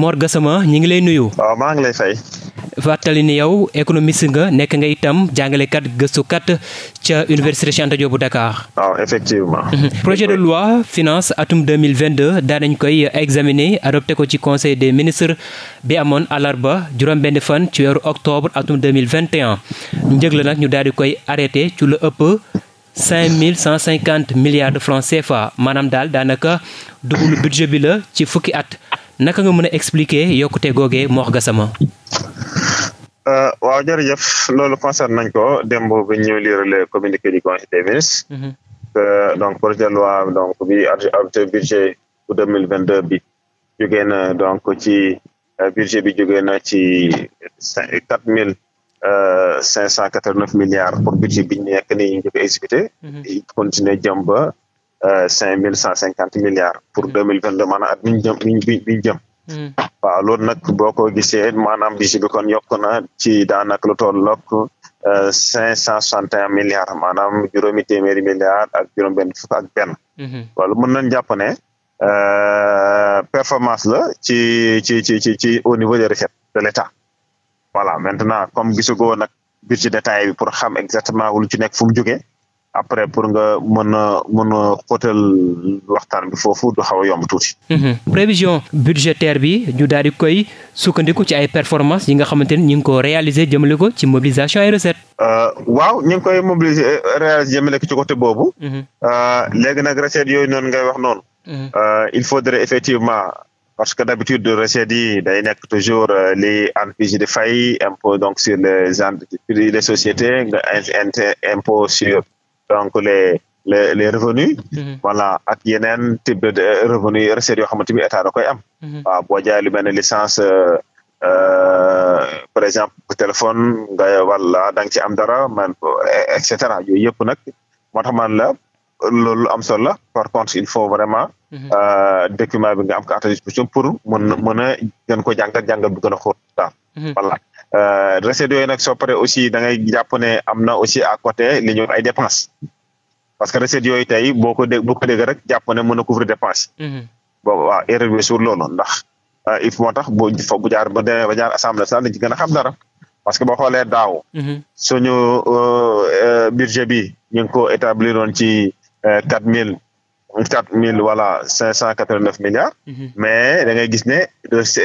Mor Gassama ñu ngi lay nuyu. waaw maa ngi lay fay. fàttali ni yow économiste nga nekk nga itam jàngalekat gëstukat ca université Cheikh Anta bu Dakar. Mhm. projet de loi finance atum deux mille vingt deux daan nañ koy examiner adopté ko ci conseil des ministres bi amoon àllarba juróom-benn fan ci weeru octobre atum deux mille vingt et un njëg la nag ñu daal di koy arrêté ci lu ëpp. cinq mille cent cinquante milliards de francs CFA maanaam daal daanaka double budget bi la ci fukki at naka nga mën a expliquer yokkute googee Mor Gassama euh, waaw jërëjëf loolu concerne nañ ko démb bi ñu lire le communiqué du conseil des ministres mhm. euh, donc projet de donc bi adopté budget pour deux mille vingt deux bi jógee na donc ci euh, budget bi jógee na ci quatre mille cinq cent quatre neuf milliards pour budget bi ñu nekk ñu jóge exécuté mhm. continuer jëm Euh, cinq mille cent cinquante milliards pour hmm. deux mille vingt deux maanaam at biñ jëm biñ biñ jëm. Hmm. waaw loolu nag boo ko gisee maanaam budget bi yokk na ci daanaka lu tollook euh, cinq cent soixante et un milliards maanaam juróomi téeméeri milliards ak juróom-benn fukk ak benn. Hmm. loolu mën nañ jàpp ne euh, performance la ci ci ci ci ci au niveau des recettes de l'État voilà maintenant comme gisagoo nag budget détaillé bi pour xam exactement lu ci nekk fu mu jógee. après pour nga mën a mën a xóotal waxtaan bi foofu du xaw a yomb tuuti. Mhm. prévision budgétaire bi ñu daal di koy sukkandiku ci ay performance yi nga xamante ni ñu ngi ko réaliser jëmale ko ci mobilisation ay recettes. Euh, waaw ñu ngi koy mobiliser euh, réaliser jëmale ko ci côté boobu. Mhm. Euh, léegi nag recettes yooyu noonu ngay wax noonu. Mhm. il faudrait effectivement. parce que d'habitude recettes yi day nekk toujours les entreprises de fay impôt donc sur les entreprises les sociétés nga impôt sur donc les les les revenus mhm. voilà ak yeneen type de euh, revenus recettes yoo xamante ni da koy am mhm. waaw boo lu mel ne licence euh, euh, par exemple téléphone nga wala da ci am dara man et cetera yooyu yëpp nag moo man la loolu am solo la par contre il faut vraiment mhm. document bi nga am ko à pour mën mën a ko jàngat jàngat bu gën a xóot daal Euh, recettes yooyu nag soo paree aussi da ngay jàpp ne am na aussi à côté li ñu ay dépenses parce que recettes yooyu tey boo ko dé boo ko rek jàpp ne mën a couvrir dépense. Mm-hmm. boobu waaw erreur bi sur loolu ndax euh, il faut moo tax bu bu jaar ba demee ba jaar assemblée nationale dañ ci a xam dara parce que boo xoolee daaw. Mm-hmm. suñu euh, budget bi ñu ngi ko établir woon ci quatre mille. quatre mille wala cinq cent quatre neuf milliards. Mm-hmm. mais da ngay gis ne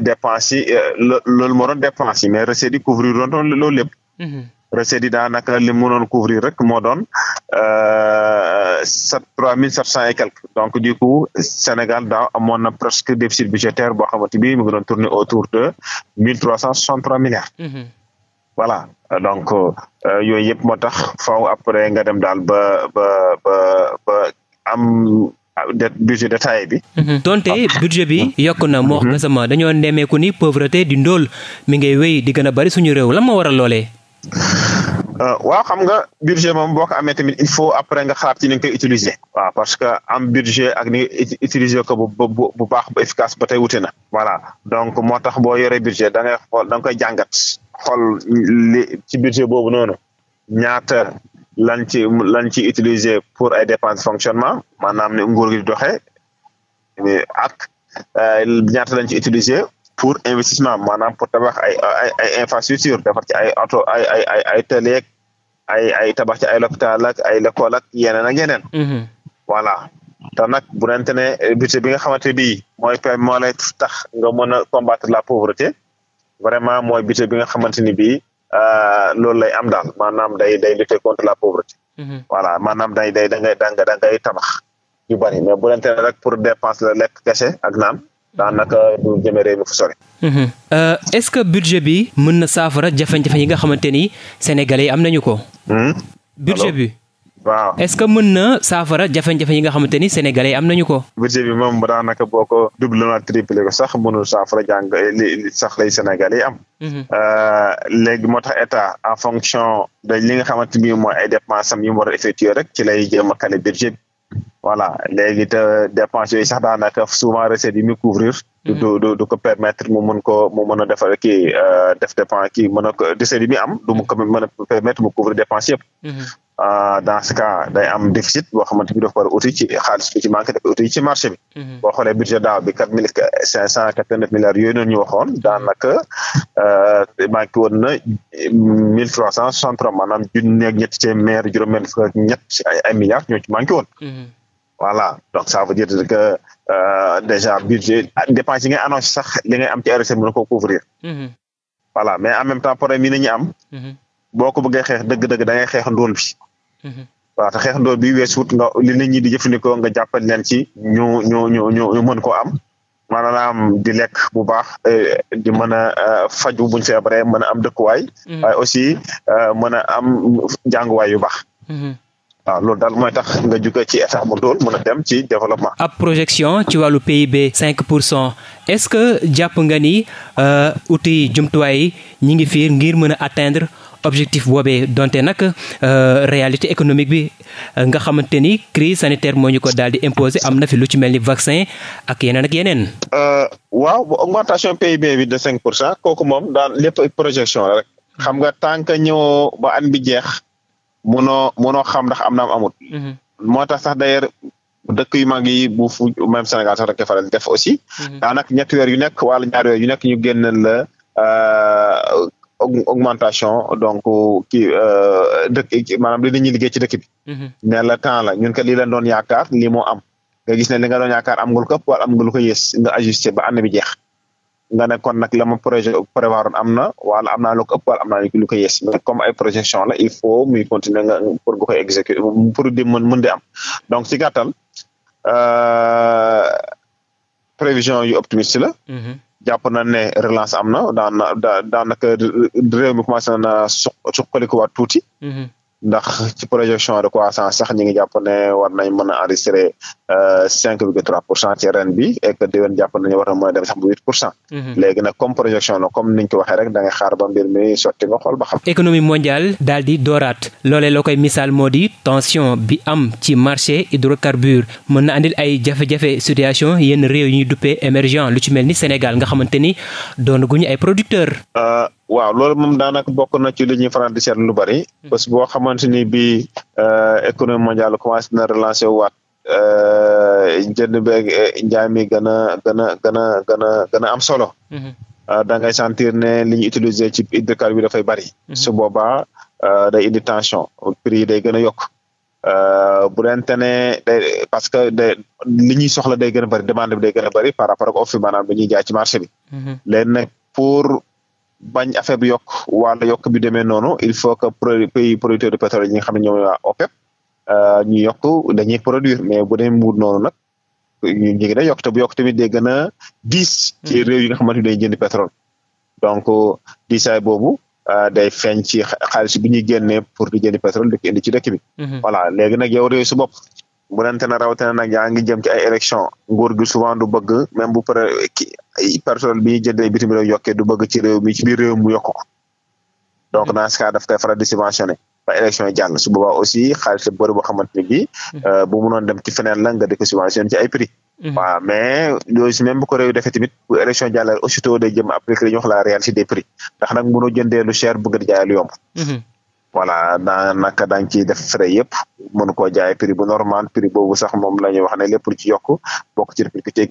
dépenses yi euh, loolu moo doon dépenses yi mais recettes yi couvrir doon loolu lépp. Mm-hmm. recettes yi daanaka couvrir rek moo euh, sept trois mille sept cent et quelque donc du coup Sénégal daaw amoon na presque déficit budgétaire boo xamante bi tourner autour de mille trois cent soixante trois milliards. Mm-hmm. voilà donc euh, yooyu yëpp moo tax faw après nga dem daal ba ba ba ba am budget détaillé bi. Mhm. donte ah. budget bi yokk na moo xam mhm. sama dañoo nemmeeku ni pauvreté di ndóol mi ngay wéy di a bari suñu réew la moo waral loolee. Euh, waaw xam nga budget moom boo ko amee tamit il faut après nga xalaat ci ni nga koy utiliser. waaw parce que am budget ak ni nga ko bu bu bu baax bu efficace ba tey wute na. voilà donc moo tax boo yoree budget da ngay xool danga koy jàngat xool ci budget boobu noonu ñaata lan ci lan ci utiliser pour ay dépenses fonctionnement maanaam ne nguur gi euh, ñaata lañ ci utiliser pour investissement maanaam pour tabax ay ay ay infrastructure defar ci ay auto ay ay ay ay ay ay tabax ci ay l'hôpital ay l'école ak yeneen ak yeneen mm-hmm. voilà te nag bu nente ne budget bi nga xamante bii mooy permis moo lay tax nga mën a combattre la pauvreté vraiment mooy budget bi nga xamante ni bii Euh, loolu lay am daal maanaam day day lutter contre la pauvreté. Mhm. voilà maanaam day day da ngay da da ngay tabax yu bari mais bu leen tere rek pour dépense la lekk kese ak naan. daanaka du jëme réew mi fu mhm. euh, est-ce que budget bi mën na saafara jafe-jafe yi nga xamante ni sénégalais yi am nañu ko. Hmm? budget bi. waaw est-ce que mën na saafara jafe-jafe yi nga xamante ni sénégalais am nañu ko. budget bi moom daanaka boo ko double na triplé sax mënul saafara jàng eh, sax lay sénégalais am. Mhm. Euh, léegi moo tax état en fonction de li nga xamante ni mooy ay dépenses am mu war a effectuer rek ci lay jéem a kale budget bi voilà léegi te dépenses yooyu sax daanaka souvent recettes yi muy couvrir. du mhm. du du ko permettre mu mën ko mu mën a defar kii euh, def dépense kii mën a ko recettes yi muy am du mu ko mën a permettre mu couvrir dépenses yëpp. Mhm. Euh, dans ce cas day am déficit boo xamante bi a uti ci marché bi. Mhm. boo xoolee budget daaw bi quatre mille cinq cent quatre neuf milliards yooyu noonu ñu waxoon mhm. daanaka euh, manqué woon na mille trois cent soixante trois maanaam junni ak ñetti téeméer juróom-benn fukk milliards ñoo ci manqué woon. Mhm. voilà donc ça veut dire que euh, déjà budget dépense yi ngay annoncé sax li am ci RSE mën na ko couvrir. voilà mais en même temps problème yi nañu am. boo ko bëggee xeex dëgg-dëgg da ngay xeex ndóol bi. Mm-hmm. waaw te xeex ndoor bi weesuut nga li nit ñi di jëfandikoo nga jàppal leen ci ñu ñu ñu ñu ñu mën ko am am di lekk bu baax eh, di mën a eh, faju buñ feebaree mën a am dëkkuwaay mm-hmm. waaye aussi eh, mën a am jànguwaay yu baax mm-hmm. waaw loolu daal mooy tax nga jóge ci état bu ndool mën a dem ci développement. ab projection ci wàllu PIB cinq pour cent est-ce que jàpp nga ni uti jumtuwaay yi ñi ngi fiir ngir mën a atteindre objectif boobee donte nag euh, réalité économique bi euh, nga xamante ni crise sanitaire moo ñu ko daal di imposer am na fi lu ci mel ni vaccin ak yeneen ak yeneen. Euh, waaw augmentation PIB bi de cinq pour cent kooku moom daan lépp projection la rek. xam nga tant que ñëwoo ba an bi jeex munoo munoo xam ndax am na am amut. Mhm. moo tax sax d'ailleurs dëkk yu yi bu fu même Sénégal sax rek faral def aussi. Mhm. daanaka ñetti weer yu wala ñaari weer yu ñu génneel augmentation donc kii euh, dëkk maanaam li dañuy liggéey ci dëkk bi. Mhm. ne la temps la ñun kat doon yaakaar lii moo am nga gis ne li nga doon yaakaar am nga lu ko ëpp wala am nga lu ko nga ajusté ba année bi jeex. nga ne kon nag la ma projet prévoir am na wala am na lu ko ëpp wala ko yées mais comme ay projection la il faut muy continuer nga pour nga koy exécuter pour di mën mën di am donc ci gàttal euh, prévision yu optimiste la. Mhm. jàpp na ne relance am na daana daanaka réew mi commencé na suq suqalikuwaat tuuti. Mm-hmm. ndax ci projection de croissance sax ñi ngi jàpp ne war nañ mën a enregistrer euh, cinq virgule trois pour cent ci ren bi et que déwén jàpp nañu war na mën a dem sax bu huit pour cent mhm. léegi nag comme projection la comme niñ ko waxee rek da ngay xaar ba mbir mi sotti nga xool ba xam économie mondiale daal dooraat loolee la koy misaal moo di tension bi am ci marché hydrocarbure mën na andil ay jafe-jafe situation yenn réew yi ñuy duppee émergent lu ci mel ni Sénégal nga xamante ni doon guñu ay producteurs euh, waaw loolu moom daanaka bokk na ci li ñuy faral di seetlu lu bari. parce hmm. que boo xamante ni bii euh, économie mondiale commencé na relancer waat euh, jënd beeg euh, njaay mi gën a gën a gën a gën a a am solo. Hmm. da ngay ne li ñu utiliser ci hydrocarbures bi dafay bari. Hmm. su boobaa day indi tension prix yi day gën a yokk. bu dente ne day parce que day li ñuy soxla day gën a bëri demande bi day gën a bëri par rapport ak offre maanaam bi ñuy jaay ci marché bi. pour bañ affaire bi yokk wala yokk bi demee noonu il faut que pays producteur de pétrole yi nga xam ne ñoom waa OPEP euh, ñu yokk dañuy produire mais bu demee mu noonu nag ñu ngi day yokk te bu yokk tamit day gën a diis. ci hmm. réew yi nga xamante ni day jënd pétrole. donc diisaay boobu euh, day feeñ ci xaalis bi ñuy génnee pour di jënd pétrole di ko indi ci dëkk bi. Hmm. voilà léegi bu dante ne rawatina nag yaa ngi jëm ci ay élection nguur gi souvent du bëgg même bu pare personnel bi ñuy jëndee bitim réew yokkee du bëgg ci réew mi ci biir réew mu yokk ko donc dans ce cas daf koy faral di subventionné ba élection yi jàll su boobaa aussi xaalis la bëri boo xamante ni bii mhm. euh, bu mënoon dem ci feneen la nga di ko subventionné ci ay prix mhm. mais yooyu si même bu ko réew defee tamit bu élection jàllale aussitôt day jëm appliqué li ñuy wax la réalité des prix ndax nag mënoo jëndee cher bëgg di jaay lu voilà na naka da nga ciy def frais yëpp mën koo jaay prix bu normal prix boobu sax moom la wax ne lépp lu ci yokk bokk ci répercuté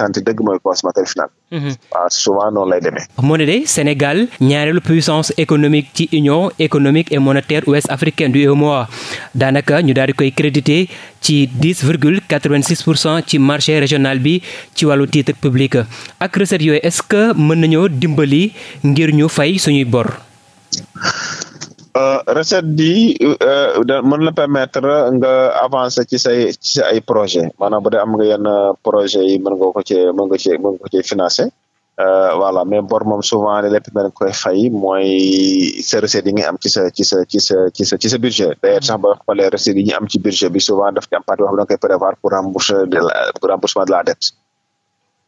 sant dëgg mooy consommateur final. Mhm. waaw souvent noonu lay demee. moo ne de Sénégal ñaareelu puissance économique ci union économique et monétaire ouest africaine du UEMOA daanaka ñu daal di koy crédité ci dix virgule quatre vingt six pour cent ci marché régional bi ci wàllu titre public ak recettes yooyu est ce que mën nañoo dimbali ngir ñu fay suñuy bor. recette bi euh, mën la permettre nga avancer ci say ay projet maanaam bu am nga yenn projet yi mën nga ko cee mën nga cee mën nga ko financer euh, voilà mais bor moom souvent li lépp nga koy fay mooy sa recette yi nga am ci sa ci sa ci sa ci sa ci sa budget d'ailleurs sax ba xoolee recette yi ñu am ci budget bi souvent daf ci am partie boo xam ne pour rembourser de la pour remboursement de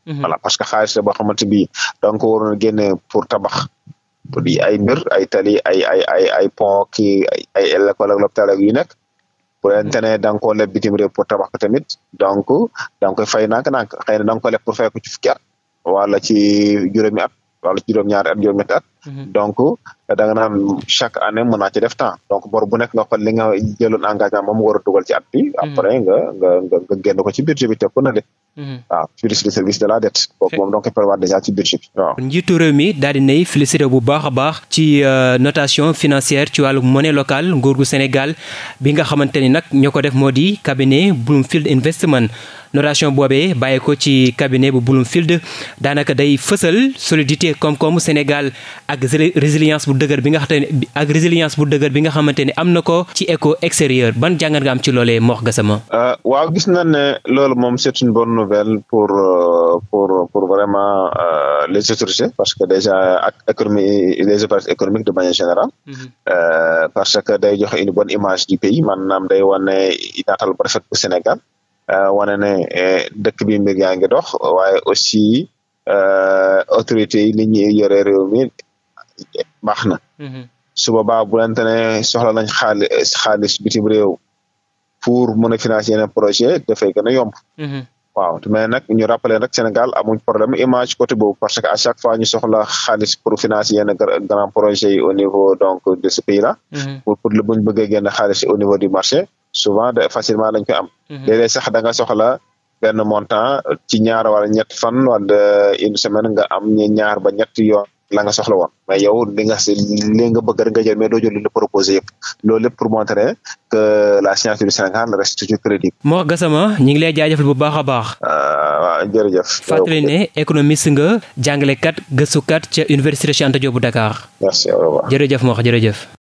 mm-hmm. parce que xaalis la boo xamante bi donc waroon a génne pour tabax di ay mbir ay tali ay ay ay ay pont ki ay école ak l'hôpital ak yu nekk bu leente ne da nga koo leb bitim réew pour tabax ko tamit donc da nga koy fay nànk nank xëy na da nga ko leb pour fay ko ci fukki at wala ci juróomi at wala ci juróom-ñaari at juróom-ñetti mhm. da nga naan chaque année mën naa ci def temps donc bor bu nekk nga xool li nga engagement ba mu dugal ci at bi. Hmm. après nga nga ko ci budget bi teg ko na de. waaw plus le service de la dette. kooku moom donc prévoir déjà ci njiitu réew mi daal di nay bu baax a baax ci euh, notation financière ci wàllu monnaie locale nguur gu Sénégal bi nga xamante ni nag ñoo ko def moo di cabinet Bloomfield Investment. notation boobee bàyyi ko ci cabinet bu Bloomfield daanaka day fësal solidité koom-koomu Sénégal ak résilience bu dëgër bi nga xamante ne ak résilience bu dëgër bi nga xamante ne am na ko ci éco extérieur ban jàngat nga am ci loolee Mor Gassama. Euh, waaw gis na ne loolu moom c'est une bonne nouvelle pour euh, pour pour vraiment euh, les autorités parce que déjà ak économie les opérations économiques de manière générale. Mhm. parce que day joxe une bonne image du pays maanaam day wane naatal bu rafet bu Sénégal. wane ne eh, dëkk bi mbir yaa ngi dox waaye aussi autorités yi li ñuy yore baax na. Mhm. su a bu lente ne soxla nañ xaalis xaalis bitim réew pour mën a financer projet dafay gën a yomb. Mhm. waaw mais ñu rappeler rek Sénégal amuñ problème image côté boobu parce que à chaque fois ñu soxla xaalis pour financer yenn grand projet yi au niveau donc de ce pays là. Mhm. pour pour buñ bëggee génn au niveau du marché souvent facilement dañ koy am. léeg sax da nga soxla benn montant ci ñaar wala ñett fan wala une semaine nga am ñaar ba ñett yoon. la nga soxla woon mais yow li nga si li nga bëgg nga jël mais doo jël li la proposé yëpp loolu lépp pour montrer que la science du Sénégal reste toujours crédible. Mor Gassama ñu ngi lay jaajëfal bu baax a baax. Ah, waaw jërëjëf. fàttali ne nga jàngalekat gëstukat ca université Cheikh Anta Diop bu Dakar. merci au revoir jërëjëf Mor jërëjëf.